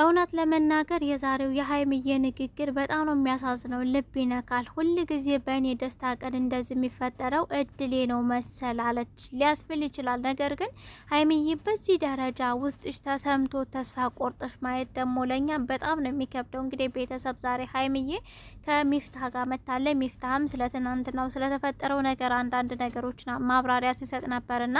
እውነት ለመናገር የዛሬው የሀይምዬ ንግግር በጣም ነው የሚያሳዝነው፣ ልብ ይነካል። ሁል ጊዜ በእኔ ደስታ ቀን እንደዚህ የሚፈጠረው እድሌ ነው መሰል አለች ሊያስብል ይችላል። ነገር ግን ሀይምዬ በዚህ ደረጃ ውስጥሽ ተሰምቶ ተስፋ ቆርጠሽ ማየት ደግሞ ለእኛ በጣም ነው የሚከብደው። እንግዲህ ቤተሰብ ዛሬ ሀይምዬ ከሚፍታ ጋር መታለ። ሚፍታህም ስለ ትናንትናው ስለተፈጠረው ነገር አንዳንድ ነገሮች ማብራሪያ ሲሰጥ ነበርና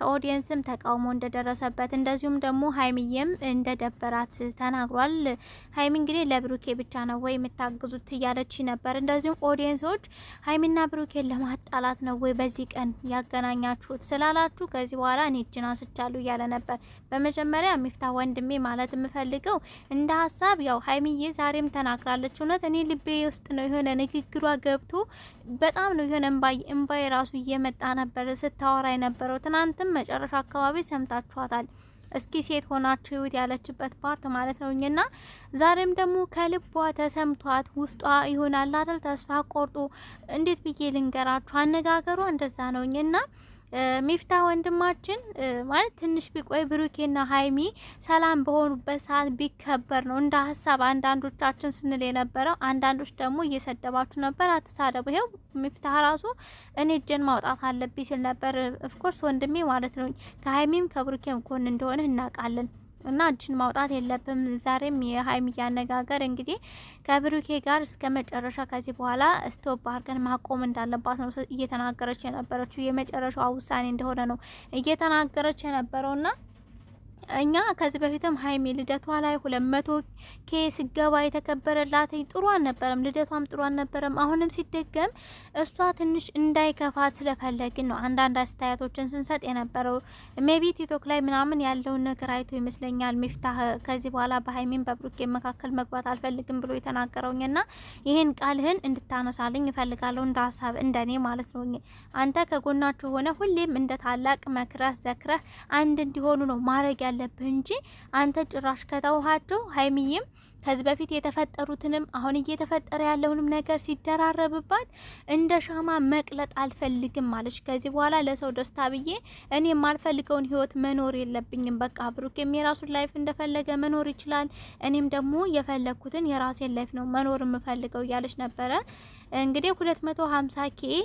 ከኦዲየንስም ተቃውሞ እንደደረሰበት እንደዚሁም ደግሞ ሀይምዬም እንደደበራት ተናግሯል። ሀይሚ እንግዲህ ለብሩኬ ብቻ ነው ወይ የምታግዙት እያለች ነበር። እንደዚሁም ኦዲየንሶች ሀይሚና ብሩኬን ለማጣላት ነው ወይ በዚህ ቀን ያገናኛችሁት ስላላችሁ ከዚህ በኋላ እኔ እጅን እያለ ነበር። በመጀመሪያ ሚፍታ ወንድሜ ማለት የምፈልገው እንደ ሀሳብ ያው ሀይሚዬ ዛሬም ተናግራለች። እውነት እኔ ልቤ ውስጥ ነው የሆነ ንግግሯ ገብቶ በጣም ነው የሆነ እምባይ ራሱ እየመጣ ነበር ስታወራ የነበረው። ትናንትም መጨረሻ አካባቢ ሰምታችኋታል። እስኪ ሴት ሆናችሁት ያለችበት ፓርት ማለት ነው። እኛና ዛሬም ደግሞ ከልቧ ተሰምቷት ውስጧ ይሆናል አይደል ተስፋ ቆርጦ እንዴት ብዬ ልንገራችሁ፣ አነጋገሯ እንደዛ ነው እኛና ሚፍታ ወንድማችን ማለት ትንሽ ቢቆይ ብሩኬና ሀይሚ ሰላም በሆኑበት ሰዓት ቢከበር ነው እንደ ሀሳብ አንዳንዶቻችን ስንል የነበረው። አንዳንዶች ደግሞ እየሰደባችሁ ነበር፣ አትሳደቡ። ይሄው ሚፍታ ራሱ እኔ እጄን ማውጣት አለብኝ ሲል ነበር። ኦፍኮርስ ወንድሜ ማለት ነው ከሀይሚም ከብሩኬም ጎን እንደሆነ እናውቃለን። እና እጅን ማውጣት የለብም። ዛሬም የሀይሚ አነጋገር እንግዲህ ከብሩኬ ጋር እስከ መጨረሻ ከዚህ በኋላ ስቶፕ አርገን ማቆም እንዳለባት ነው እየተናገረች የነበረችው። የመጨረሻው ውሳኔ እንደሆነ ነው እየተናገረች የነበረውና እኛ ከዚህ በፊትም ሀይሜ ልደቷ ላይ ሁለት መቶ ኬ ስገባ የተከበረላት ጥሩ አልነበረም። ልደቷም ጥሩ አልነበረም። አሁንም ሲደገም እሷ ትንሽ እንዳይከፋት ስለፈለግን ነው አንዳንድ አስተያየቶችን ስንሰጥ የነበረው። ሜቢ ቲክቶክ ላይ ምናምን ያለውን ነገር አይቶ ይመስለኛል ሚፍታህ ከዚህ በኋላ በሀይሜን በብሩኬ መካከል መግባት አልፈልግም ብሎ የተናገረውኝ ና ይህን ቃልህን እንድታነሳልኝ ይፈልጋለሁ እንደ ሀሳብ እንደኔ ማለት ነው። አንተ ከጎናችሁ ሆነ ሁሌም እንደ ታላቅ መክረህ ዘክረህ አንድ እንዲሆኑ ነው ማድረግ ያለ አለብህ እንጂ አንተ ጭራሽ ከተውሃቸው ሀይሚዬም ከዚህ በፊት የተፈጠሩትንም አሁን እየተፈጠረ ያለውንም ነገር ሲደራረብባት እንደ ሻማ መቅለጥ አልፈልግም አለች። ከዚህ በኋላ ለሰው ደስታ ብዬ እኔ የማልፈልገውን ህይወት መኖር የለብኝም። በቃ ብሩኬም የራሱን ላይፍ እንደፈለገ መኖር ይችላል። እኔም ደግሞ የፈለግኩትን የራሴን ላይፍ ነው መኖር የምፈልገው እያለች ነበረ። እንግዲህ ሁለት መቶ ሀምሳ ኬ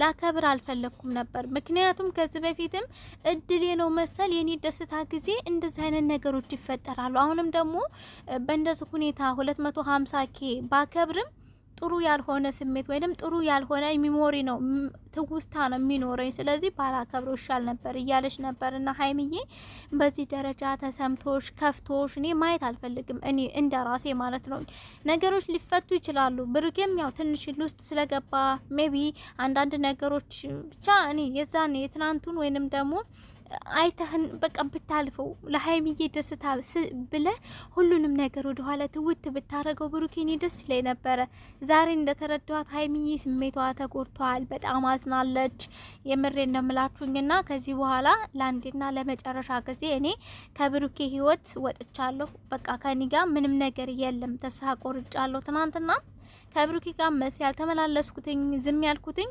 ላከብር አልፈለግኩም ነበር። ምክንያቱም ከዚህ በፊትም እድሌ ነው መሰል የኔ ደስታ ጊዜ እንደዚህ አይነት ነገሮች ይፈጠራሉ። አሁንም ደግሞ በእንደዚህ ሁኔታ ሁለት መቶ ሀምሳ ኬ ባከብርም ጥሩ ያልሆነ ስሜት ወይንም ጥሩ ያልሆነ ሚሞሪ ነው ትውስታ ነው የሚኖረኝ። ስለዚህ ባላከብረው ይሻል ነበር እያለች ነበር እና ሀይምዬ በዚህ ደረጃ ተሰምቶሽ ከፍቶሽ እኔ ማየት አልፈልግም። እኔ እንደ ራሴ ማለት ነው ነገሮች ሊፈቱ ይችላሉ። ብሩኬም ያው ትንሽ ውስጥ ስለገባ ሜቢ አንዳንድ ነገሮች ብቻ እኔ የዛን የትናንቱን ወይንም ደግሞ አይተህን በቃ ብታልፈው ለሀይሚዬ ደስታ ብለ ሁሉንም ነገር ወደ ኋላ ትውት ብታረገው ብሩኬኔ ደስ ይለኝ ነበረ። ዛሬ እንደተረዳኋት ሀይሚዬ ስሜቷ ተጎድቷል፣ በጣም አዝናለች። የምሬ ና ከዚህ በኋላ ለአንዴና ለመጨረሻ ጊዜ እኔ ከብሩኬ ህይወት ወጥቻለሁ። በቃ ከኔ ጋር ምንም ነገር የለም፣ ተስፋ ቆርጫለሁ። ትናንትና ከብሩኬ ጋር መስ ያልተመላለስኩትኝ ዝም ያልኩትኝ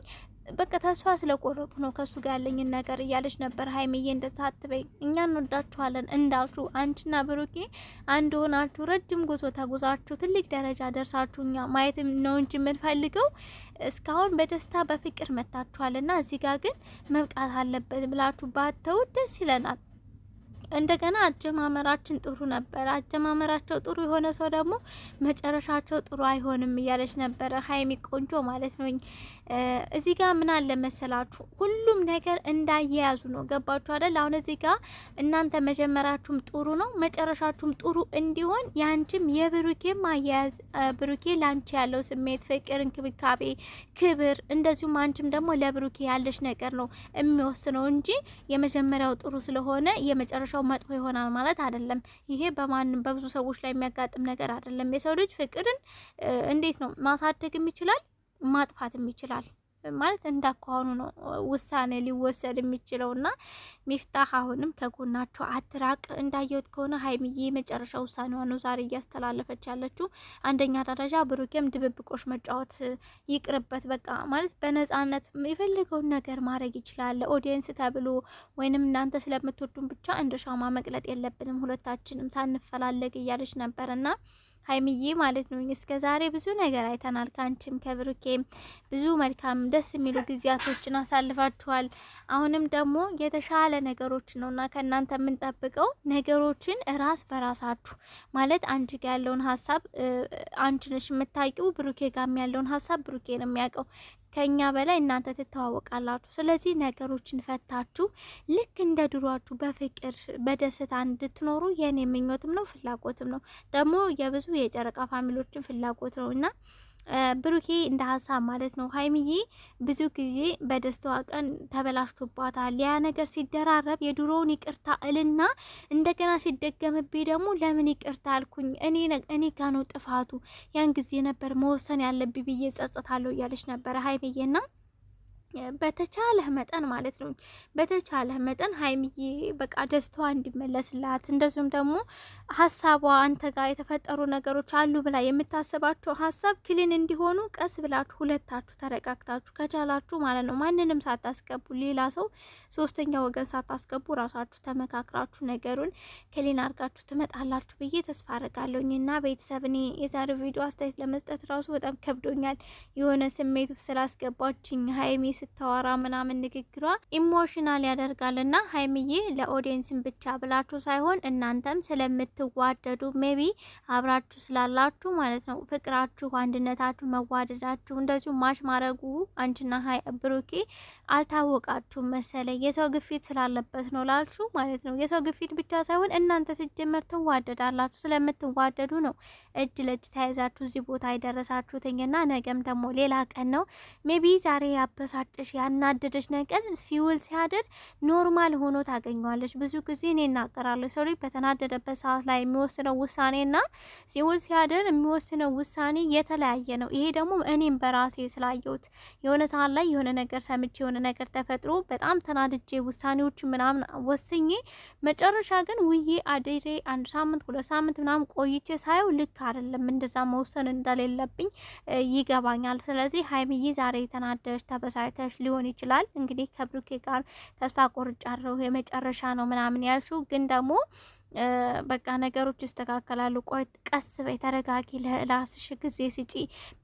በቃ ተስፋ ስለቆረጡ ነው ከሱ ጋር ያለኝን ነገር እያለች ነበር። ሀይሚዬ እንደዛ አትበይ፣ እኛ እንወዳችኋለን እንዳልሹ አንቺና ብሩኬ አንድ ሆናችሁ ረጅም ጉዞ ተጉዛችሁ ትልቅ ደረጃ ደርሳችሁ እኛ ማየት ነው እንጂ የምንፈልገው እስካሁን በደስታ በፍቅር መታችኋልና እዚህ ጋር ግን መብቃት አለበት ብላችሁ ባተው ደስ ይለናል። እንደገና አጀማመራችን ጥሩ ነበር፣ አጀማመራቸው ጥሩ የሆነ ሰው ደግሞ መጨረሻቸው ጥሩ አይሆንም እያለች ነበረ ሀይሚ ቆንጆ ማለት ነው። እዚህ ጋር ምን አለ መሰላችሁ ሁሉም ነገር እንዳያያዙ ነው። ገባችሁ አይደል? አሁን እዚህ ጋ እናንተ መጀመራችሁም ጥሩ ነው፣ መጨረሻችሁም ጥሩ እንዲሆን ያንቺም የብሩኬም አያያዝ ብሩኬ ላንቺ ያለው ስሜት፣ ፍቅር፣ እንክብካቤ፣ ክብር እንደዚሁም አንቺም ደግሞ ለብሩኬ ያለሽ ነገር ነው የሚወስነው እንጂ የመጀመሪያው ጥሩ ስለሆነ የመጨረሻው ሰው መጥፎ ይሆናል ማለት አይደለም። ይሄ በማንም በብዙ ሰዎች ላይ የሚያጋጥም ነገር አይደለም። የሰው ልጅ ፍቅርን እንዴት ነው ማሳደግም ይችላል ማጥፋትም ይችላል። ማለት እንዳኳኋኑ ነው ውሳኔ ሊወሰድ የሚችለው እና ሚፍታህ አሁንም ከጎናችሁ አትራቅ። እንዳየሁት ከሆነ ሀይሚዬ መጨረሻ ውሳኔዋ ነው ዛሬ እያስተላለፈች ያለችው። አንደኛ ደረጃ ብሩኬም ድብብቆች መጫወት ይቅርበት። በቃ ማለት በነጻነት የፈለገውን ነገር ማድረግ ይችላል። ኦዲየንስ ተብሎ ወይንም እናንተ ስለምትወዱን ብቻ እንደ ሻማ መቅለጥ የለብንም ሁለታችንም ሳንፈላለግ እያለች ነበር እና ሀይሚዬ ማለት ነው። እስከ ዛሬ ብዙ ነገር አይተናል። ከአንቺም ከብሩኬም ብዙ መልካም ደስ የሚሉ ጊዜያቶችን አሳልፋችኋል። አሁንም ደግሞ የተሻለ ነገሮች ነውና ከእናንተ የምንጠብቀው ነገሮችን ራስ በራሳችሁ ማለት አንቺ ጋ ያለውን ሀሳብ አንቺ ነሽ የምታውቂው፣ ብሩኬ ጋም ያለውን ሀሳብ ብሩኬ ነው የሚያውቀው። ከኛ በላይ እናንተ ትተዋወቃላችሁ። ስለዚህ ነገሮችን ፈታችሁ ልክ እንደ ድሯችሁ በፍቅር በደስታ እንድትኖሩ የኔ ምኞትም ነው ፍላጎትም ነው። ደግሞ የብዙ የጨረቃ ፋሚሊዎችን ፍላጎት ነው እና ብሩኬ እንደ ሀሳብ ማለት ነው ሀይሚዬ ብዙ ጊዜ በደስታዋ ቀን ተበላሽቶባታል። ያ ነገር ሲደራረብ የድሮውን ይቅርታ እልና እንደገና ሲደገምብኝ ደግሞ ለምን ይቅርታ አልኩኝ እኔ ጋ ነው ጥፋቱ፣ ያን ጊዜ ነበር መወሰን ያለብኝ ብዬ ጸጸታለሁ እያለች ነበረ ና በተቻለህ መጠን ማለት ነው በተቻለህ መጠን ሀይሚዬ በቃ ደስታዋ እንዲመለስላት እንደዚሁም ደግሞ ሀሳቧ አንተ ጋር የተፈጠሩ ነገሮች አሉ ብላ የምታስባቸው ሀሳብ ክሊን እንዲሆኑ ቀስ ብላችሁ ሁለታችሁ ተረጋግታችሁ ከቻላችሁ ማለት ነው ማንንም ሳታስገቡ ሌላ ሰው ሶስተኛ ወገን ሳታስገቡ ራሳችሁ ተመካክራችሁ ነገሩን ክሊን አድርጋችሁ ትመጣላችሁ ብዬ ተስፋ አረጋለሁኝ እና ቤተሰብ እኔ ቪዲዮ አስተያየት ለመስጠት ራሱ በጣም ከብዶኛል የሆነ ስሜቱ ስላስገባችኝ ሀይሚ ስታወራ ምናምን ንግግሯ ኢሞሽናል ና ሀይሚዬ ለኦዲየንስን ብቻ ብላችሁ ሳይሆን እናንተም ስለምትዋደዱ ሜቢ አብራችሁ ስላላችሁ ማለት ነው ፍቅራችሁ፣ አንድነታችሁ፣ መዋደዳችሁ እንደዚሁ ማሽ ማረጉ አንችና ሀይ ብሩኬ አልታወቃችሁም መሰለ የሰው ግፊት ስላለበት ነው ላችሁ ማለት ነው። የሰው ግፊት ብቻ ሳይሆን እናንተ ስጀመር ትዋደዳላችሁ ስለምትዋደዱ ነው እጅ ለእጅ ተያይዛችሁ እዚህ ቦታ የደረሳችሁትኝና ነገም ደግሞ ሌላ ቀን ነው ሜቢ ዛሬ ያበሳ ያበሳጨሽ ያናደደሽ ነገር ሲውል ሲያድር ኖርማል ሆኖ ታገኘዋለች። ብዙ ጊዜ እኔ እናገራለሁ ሰው ልጅ በተናደደበት ሰዓት ላይ የሚወስነው ውሳኔና ሲውል ሲያድር የሚወስነው ውሳኔ የተለያየ ነው። ይሄ ደግሞ እኔም በራሴ ስላየሁት የሆነ ሰዓት ላይ የሆነ ነገር ሰምቼ የሆነ ነገር ተፈጥሮ በጣም ተናድጄ ውሳኔዎች ምናምን ወስኜ መጨረሻ ግን ውዬ አድሬ አንድ ሳምንት ሁለት ሳምንት ምናምን ቆይቼ ሳየው ልክ አይደለም እንደዛ መወሰን እንደሌለብኝ ይገባኛል። ስለዚህ ሀይምዬ ዛሬ የተናደደች ተበሳጭታ ተጣልተሽ ሊሆን ይችላል። እንግዲህ ከብሩኬ ጋር ተስፋ ቆርጫለሁ የመጨረሻ ነው ምናምን ያልሽው ግን ደግሞ በቃ ነገሮች ይስተካከላሉ። ቆይ ቀስ በይ፣ ተረጋጊ፣ ለራስሽ ጊዜ ስጪ።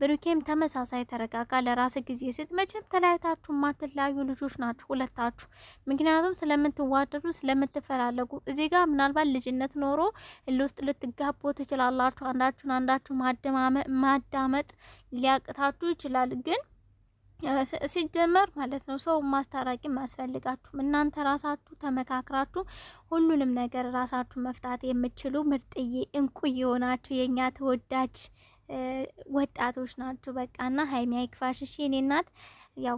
ብሩኬም ተመሳሳይ ተረጋጋ፣ ለራስ ጊዜ ስጥ። መቼም ተለያይታችሁ ማትለያዩ ልጆች ናችሁ ሁለታችሁ። ምክንያቱም ስለምትዋደዱ ስለምትፈላለጉ፣ እዚህ ጋር ምናልባት ልጅነት ኖሮ ውስጥ ልትጋቡ ትችላላችሁ። አንዳችሁን አንዳችሁ ማዳመጥ ሊያቅታችሁ ይችላል ግን ሲጀመር ማለት ነው ሰው ማስታራቂም አያስፈልጋችሁም። እናንተ ራሳችሁ ተመካክራችሁ ሁሉንም ነገር ራሳችሁ መፍታት የምትችሉ ምርጥዬ እንቁ የሆናችሁ የእኛ ተወዳጅ ወጣቶች ናችሁ። በቃ ና ሀይሚ አይክፋሽ። እሺ እናት ያው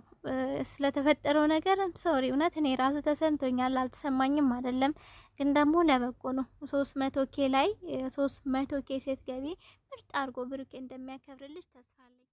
ስለተፈጠረው ነገር ሶሪ። እውነት እኔ ራሱ ተሰምቶኛል፣ አልተሰማኝም አይደለም፣ ግን ደግሞ ለበጎ ነው። ሶስት መቶ ኬ ላይ ሶስት መቶ ኬ ሴት ገቢ ምርጥ አድርጎ ብሩኬ እንደሚያከብርልሽ ተስፋ አለኝ።